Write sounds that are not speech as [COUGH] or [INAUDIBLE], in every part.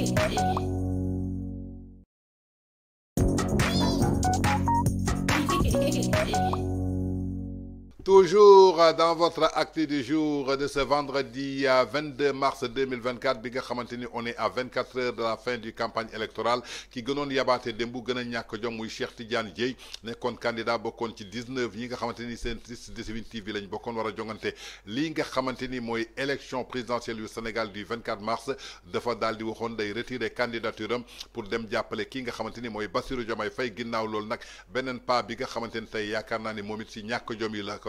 Thank [LAUGHS] you. toujours dans votre acte du jour de ce vendredi 22 mars 2024 bi nga on est à 24 heures de la fin du campagne électorale qui gënon yabaté dembu gëna ñak ñàkk jom muy Cheikh Tidiane Dièye nekkoon candidat bokon ci 19 yi nga xamanteni sen seen liste définitive bi lañ bokon wara jonganté li nga xamanteni moy élection présidentielle du Sénégal du 24 mars dafa daldi di day retirer candidature pour dem jàppale ki nga xamanteni moy Bassirou Diomaye fay ginnaw loolu nak benen pa bi nga xamanteni tay tey ni jom yi la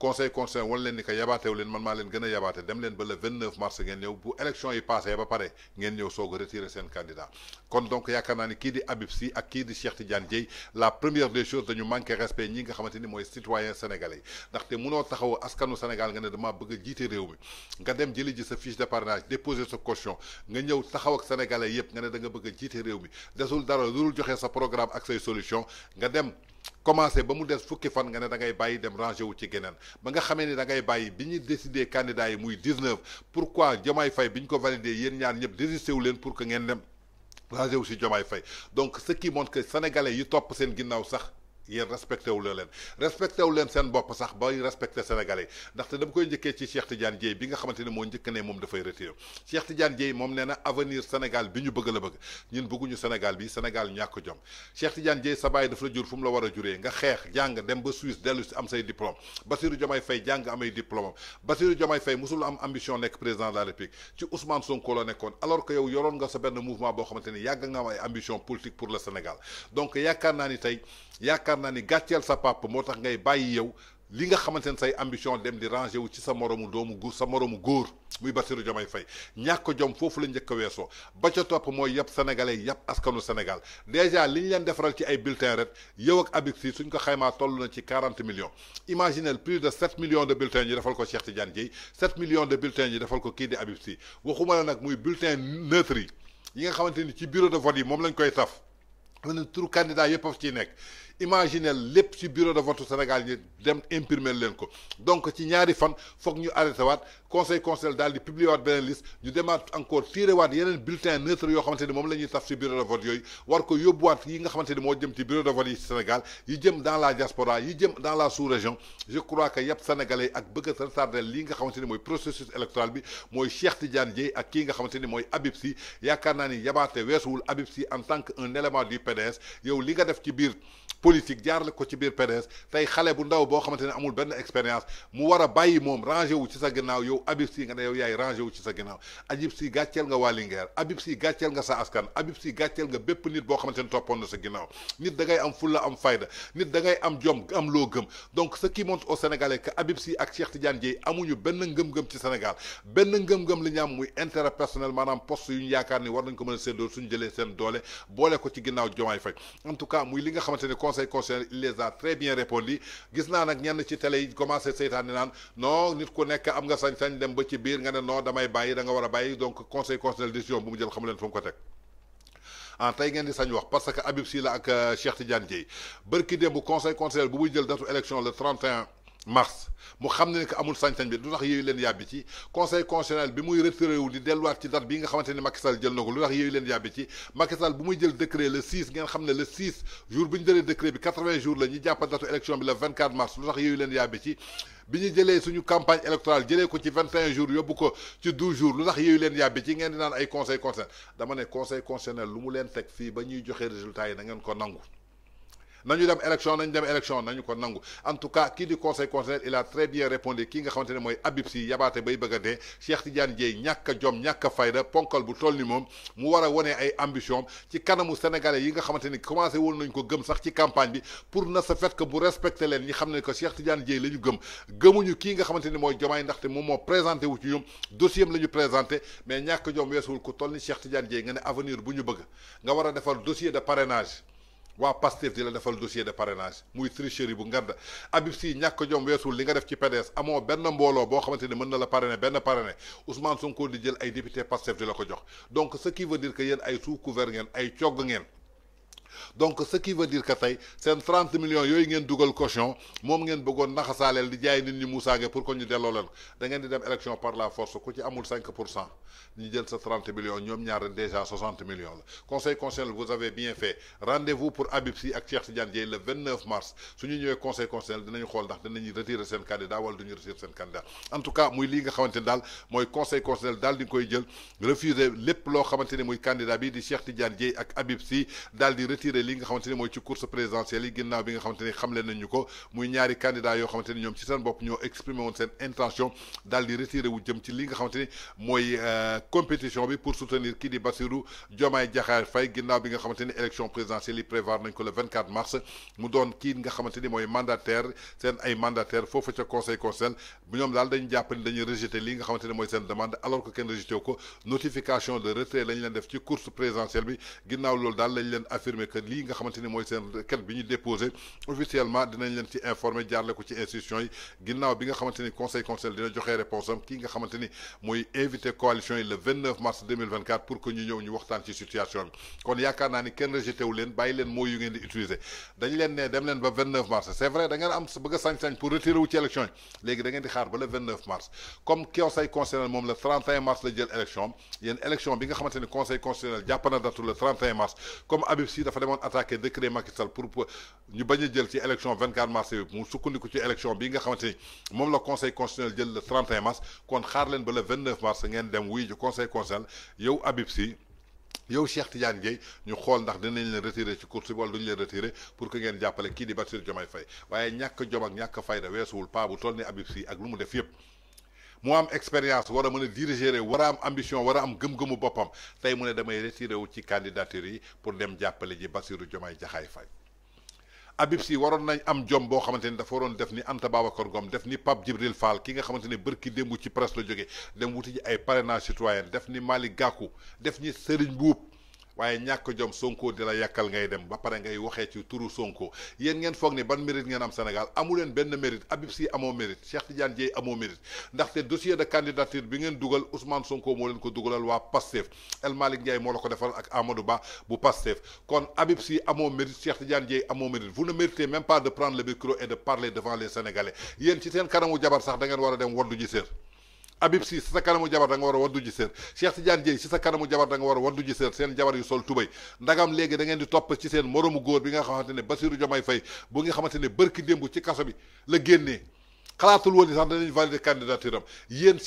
conseil conseil wala leen ni que yabaatewu leen man ma len gëna yabate dem len ba le 29 mars ngeen ñew bu élection yi passé ba paré ngeen ñew sogo retirer sen candidat kon donc yakarna ni ki di Habib Sy ak ki di Cheikh Tidiane Dièye la première des choses dañu manquer respect ñi nga xamanteni moy citoyen sénégalais ndax té mëno taxaw askanu Sénégal nga ne dama bëgg jité jiite réew mi nga dem jëli ji sa fiche de parrainage déposer sa caution nga ñew taxaw ak sénégalais yépp nga ne da nga bëgg jité jiite réew mi desul dara lu dul joxé sa programme ak say solution nga dem commencé ba mu des fukki fan nga ne da ngay bàyyi dem rangé wu ci geneen ba nga xamee ni dangay bàyyi bi ñu décidé candidat yi muy pour quoi Diomaye fay bi ñu ko validé yéen ñaar ñëpp désisté wu leen pour que ngeen dem rangé wu si Diomaye Faye donc ce qui montre que sénégalais yi topp seen ginnaaw sax. yéen respecté wu leen leen seen bopp sax bay respecté sénégalais ndaxte dama koy njëkkee ci Cheikh Tidiane Dièye bi nga xamante ne moo njëkk ne moom dafay retiré Cheikh Tidiane Dièye moom nee na avenir Sénégal bi ñu bëgg la bëgg ñun bëgguñu Sénégal bi Sénégal ñàkk jom Cheikh Tidiane Dièye sa baay daf la jur fu mu la war a juree nga xeex jàng dem ba Suisse dellu si am say diplôme Bassirou Diomaye Faye jàng amay diplôme Bassirou Diomaye Faye musul am ambition nekk président de la République ci Ousmane Sonko la nekkoon alors que yow yoroon nga sa benn mouvement boo xamante nga am naa ni tey naa ni gàcceel sa papa moo tax ngay bàyyi yow li nga xamante say ambition dem di rangé wu ci sa moromu doomu góor sa moromu góor muy Bassirou Diomaye Faye ñàkk jom foofu la njëkk a weesoo ba ca topp mooy yàpp sénégalais yàpp askanu Sénégal dèjà li ñu leen defaral ci ay bulletins ret yow ak abix yi suñ ko xaymaa toll na ci 40 millions imaginez plus de 7 millions de bulletins yi defal ko Cheikh Tidiane Dièye 7 millions de bulletins yi defal ko kii ni ci bureau de vote yi moom lañ imaginer lépp ci bureau de vote Sénégal yi dem imprimer leen ko donc ci ñaari fan foog ñu arrêté waat conseil conseil daal di publier waat beneen liste ñu demaat encore tiré waat yeneen bulletin neutre yoo xamante ni moom la ñuy taf ci bureau de vote yooyu war ko yóbbuwaat yi nga xamante ni moo jëm ci bureau de vote yi Sénégal yi jëm dans la diaspora yi jëm dans la sous-région je crois que yëpp sénégalais ak bëgg a retardé lii nga xamante ni mooy processus électoral bi mooy Cheikh Tidiane Dièye ak kii nga xamante ni mooy Habib Sy yaakaar naa ni yabaate weesuwul Habib Sy en tant que un élément du PDS yow li nga def ci biir politique jaarale ko ci biir PDS tey xale bu ndaw boo xamante ne amul benn expérience mu war a bàyyi moom rangé wu ci sa ginnaaw yow Habib Sy nga ne yow yaay rangé wu ci sa ginnaaw Habib Sy gàcceel nga waa Linguère Habib Sy gàcceel nga sa askan Habib Sy gàcceel nga bépp nit boo xamante toppoon na sa ginnaaw nit da am fulla am fayda nit da ngay am jom am loo gëm donc ce qui montre au Sénégalais que Habib Sy ak Cheikh Tidiane Dièye amuñu benn ngëm-ngëm ci Sénégal benn ngëm-ngëm li ñu am muy intérêt personnel maanaam poste yu ñu yaakaar ni war a séddoo suñu jëlee seen doole boole ko ci ginnaaw Diomaye Faye en tout cas muy conseil constitutionnel il les a très bien répondu gis na nag ci télé yi commencé sétane nan non nit ku que am nga sañ-sañ dem ba ci biir nga né non damay bàyyi da nga wara a donc conseil constitutionnel décision bu mu jël xamu leen fu ko tek en ah, tay ngeen di sañ wax parce que Habib Sy ak euh, Cheikh Tidiane Dièye bërki démb conseil constitutionnel bu mu jël date élection le 31 mars mu xam ne que amul sañ-sañ bi lu tax yooyu leen yàbbi ci conseil constitutionnel bi muy retirerou wu di delluwaat ci date bi nga xamanteni Macky Sall jël nako ko lu tax yooyu leen yàbbi ci Macky Sall bu muy jël décret le 6 ngeen xam le 6 jour bi ñu décret bi 80 jours la ñi japp datu élection bi le 24 mars lu tax yooyu leen yàbbi ci biñu jëlé suñu campagne électorale jëlé ko ci 21 jours yobbu ko ci 12 jours lu tax yooyu leen yàbbi ci ngeen di naan ay conseil constitutionnel dama né conseil constitutionnel lu mu len tek fi ba ñuy joxé résultat yi na ngeen ko nangou nañu dem élection nañu dem élection nañu ko nangu en tout cas ki di conseil constitutionnel il a très bien répondu ki nga xamante moy mooy Habib Sy yabaate bay bëgg a Cheikh Tidiane Dieye ñaka jom ñaka fayda ponkal bu toll ni moom mu wara woné ay ambition ci kanamu sénégalais yi nga xamante commencé wol nañ ko gëm sax ci campagne bi pour na sa fait que bu respecter leen ñi xamné ko Cheikh Tidiane Dieye lañu gëm gëmuñu ki nga xamante moy jomay ndaxte mom mo présenté wu ci ñom dossier am la ñu présenté mais ñaka jom wessul ku toll ni Cheikh Tidiane Dieye nga né avenir bu ñu bëgg nga wara défal dossier de parrainage wa pasteur di la defal dossier de parrainage muy tricherie bu nganda abib si ñàkk jom weesul li nga def ci PDS amo benn mbolo bo xamanteni meun na la parrainer benn parrainer Ousmane Sonko di jël ay député pasteur di la ko jox donc ce qui veut dire que yéen ay sous couvert ngeen ay ciog ngeen donc ce qui veut dire que tay 30 30 millions yoy ngeen dougal caution mom ngeen beugone naxasalel di jay nit ñi muusaage pour ko ñu delloo leen da ngeen di dem élections par la force ku ci amul 5% pour cent ñu jël sa 30 millions ñom ñaar déjà 60 millions conseil constitutionnel vous avez bien fait rendez-vous pour Habib Sy ak Cheikh Tidiane le 29 mars suñu ñëwé ñëwee conseil constitutionnel dinañu xool ndax dinañu retirer sen candidat wala duñu retirer sen candidat en tout cas muy li nga dire. dal moy conseil constitutionnel daal di koy jël refuser lepp lo xamante candidat bi di Cheikh Tidiane Dièye ak Habib Sy dal di retiré li nga xamanteni moy ci course présidentielle yi ginnaaw bi nga xamanteni xamlé xamle nañu ko muy ñaari candidat yo xamanteni ñom ci seen ñoo exprimé won seen intention d'aller di retiré wu jëm ci li nga xamanteni moy euh, compétition bi pour soutenir qui di Bassirou Diomaye Diakhar Faye ginnaw bi nga xamanteni élection présidentielle yi prévoir nañ ko le 24 mars mu doon ki nga xamanteni moy mandataire seen ay mandataire fofu ci conseil constitutionnel bu ñoom daal dañu jàpp ni dañuy rejeter li nga xamanteni moy seen demande alors que ken rejeter ko notification de retrait lañ leen def ci course présidentielle bi ginnaw lool dal lañ leen affirmer que lii nga xamante mooy seen requête bi ñu déposé officiellement dinañ leen ci informer jaarle ko ci institution yi ginnaaw bi nga xamante conseil constitutionnel yi le kon yaakaar naa ni kenn rejeté leen bàyyi leen moo yu ngeen di utiliser dañ leen ne dem leen ba mars c'est vrai am bëgg sañ-sañ pour retirer ci élection yi léegi da di xaar ba le mars comme conseil constitutionnel moom le mars la jël élection yéen élection bi nga xamante ni dafa demoon attaqué décret Macky Sall pour ñu baña jël ci élection 24 mars mu sukkandiku ci élection bi nga xamante mom la conseil constitutionnel jël le 31 mars kon xaar leen ba le 29 mars ngeen dem wuy du conseil constitutionnel yow Habib Sy yow Cheikh Tidiane Dieye ñu xol ndax dinañ leen retirer ci course bi wala duñu leen retiré pour que ngeen jappalé ki di Bassirou Diomaye Faye waye ñak jom ak ñàkk fayda weesuwul paa bu tolni ni Habib Sy ak lu mu def yépp moo am expérience war a mën a diriger war a am ambition war a am gëm-gëmu boppam tey mu ne damay retiré wu ci candidature yi pour dem jàppale ji Bassirou Diomaye Diakhar Faye Habib Sy waroon nañ am jom boo xamante ne dafa waroon def ni Anta Babacar Ngom def ni Pape Djibril Fall ki nga xamante ne bërki démb ci presse la jóge dem wuti ji ay parrainage citoyen def ni Malick Gakou def ni Serigne buub waye ñàkk jom Sonko dila la ngay dem ba pare ngay waxee ci turu Sonko yéen ngeen foog ni ban mérite ngeen am Sénégal amulen ben benn mérite abib Sy amo mérite Cheikh Tidiane Dièye amo mérite té dossier de candidature bi ngeen duggal Ousmane Sonko mo len ko duggalal wa Pastef El malik Ndiaye mo la ko defal ak Amadou Ba bu Pastef kon abib Sy amo mérite Cheikh Tidiane Dièye amo mérite vous ne méritez même pas de prendre le micro et de parler devant les Sénégalais yéen ci seen karamu jabar sax da ngeen wara dem waddu ji séer abib Sy si sa kanamu jabar da war a waddu ji seen Cheikh Tidiane Dieye si sa kanamu jabar war a waddu ji seen seen jabar yu sol tubay ndagam léegi da ngeen di topp ci seen moromu góor bi nga xamante ne Bassirou Diomaye Faye bu nga xamante ne bërki démb ci kaso bi la génnee xalaatul woon ni sax danañ valider candidature am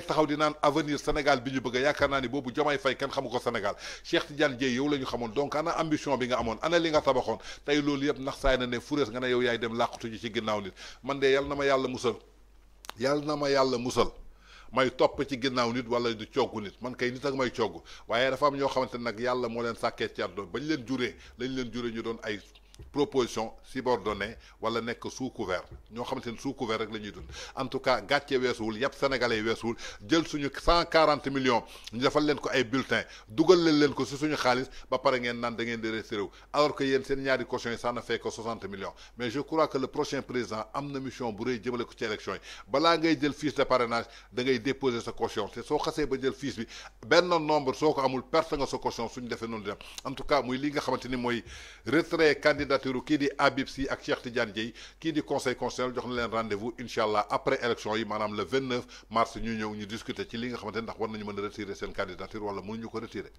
taxaw di naan avenir Sénégal bi ñu bëgg yaakaar naa ni boobu Diomaye Faye kenn xamu ko Sénégal Cheikh Tidiane Dieye yow la ñu xamoon donc ana ambition bi nga amoon ana li nga tabaxoon tey loolu yëpp nax saay na ne furees nga ne yaay dem làqatu ji ci ginnaaw nit man de yàlla na ma yàlla musal yàlla na ma yàlla musal may topp ci ginnaaw nit wala di coggu nit man kay nit ak may cogg waaye dafa am ñoo xamante nag yàlla moo leen sàkkee ci àdduna bañ leen juree lañ leen juree ñu doon ay proposition si voilà wala que sous couvert ñoo xamante sous couvert rek lañuy dund en tout cas gatché soul yapp sénégalais yi weesuwul jël suñu 140 millions ñu defal leen ko ay bulletins dugal leen leen ko ci suñu xaalis ba paré ngeen naan da ngeen di alors que yeen seen ñaari caution ça n'a fait que 60 millions mais je crois que le prochain président amne mission bu reuy jëmale ko ci élection ngay de parrainage da ngay déposer sa caution c'est so xasse ba jël fiche bi benn nombre soko amul perte nga sa caution suñu defee noonu dem en tout cas muy li nga xamante moy retrait candidature qui Habib Cheikh Tidiane conseil rendez-vous inshallah après élection yi le 29 mars ñu discuter ci li nga ndax war nañu retirer sen candidature wala ko retirer.